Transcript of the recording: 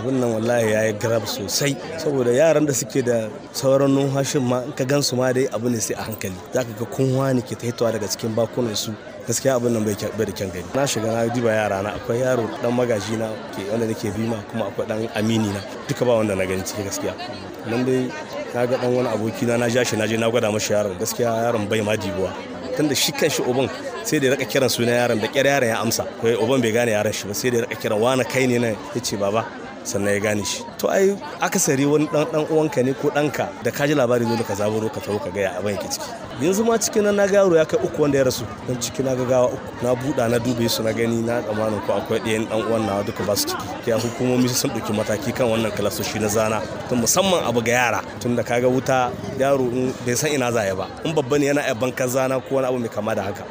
abin nan wallahi ya yi garab sosai saboda yaran da suke da sauran numfashin ma in ka gan su ma dai abu ne sai a hankali za ka ga kunwa ne ke taitowa daga cikin bakunan su gaskiya abin nan bai da kyan gani na shiga na diba yara na akwai yaro dan magaji na ke wanda nake bima kuma akwai dan amini na duka ba wanda na gani cikin gaskiya nan dai na ga dan wani aboki na na ja shi na je na gwada mashi yaron gaskiya yaron bai ma dibuwa tunda shi kan shi uban sai da ya raka kiran suna yaron da kyar yaron ya amsa uban bai gane yaron shi ba sai da ya raka kiran wani kai ne na ya ce baba sannan ya gane shi to ai akasari wani dan dan uwanka ne ko danka da ka ji labari zo ka zaburo ka tawo ka ga ya abin yake ciki yanzu ma cikin nan na ga yaro ya kai uku wanda ya rasu dan ciki na gawa uku na buɗa na dube su na gani na tsammanin ko akwai ɗayan dan uwan nawa duka ba su ciki ya hukumomi sun dauki mataki kan wannan kalasoshi na zana tun musamman abu ga yara tun da kaga wuta yaro bai san ina zaya ba in babba ne yana iya zana ko wani abu mai kama da haka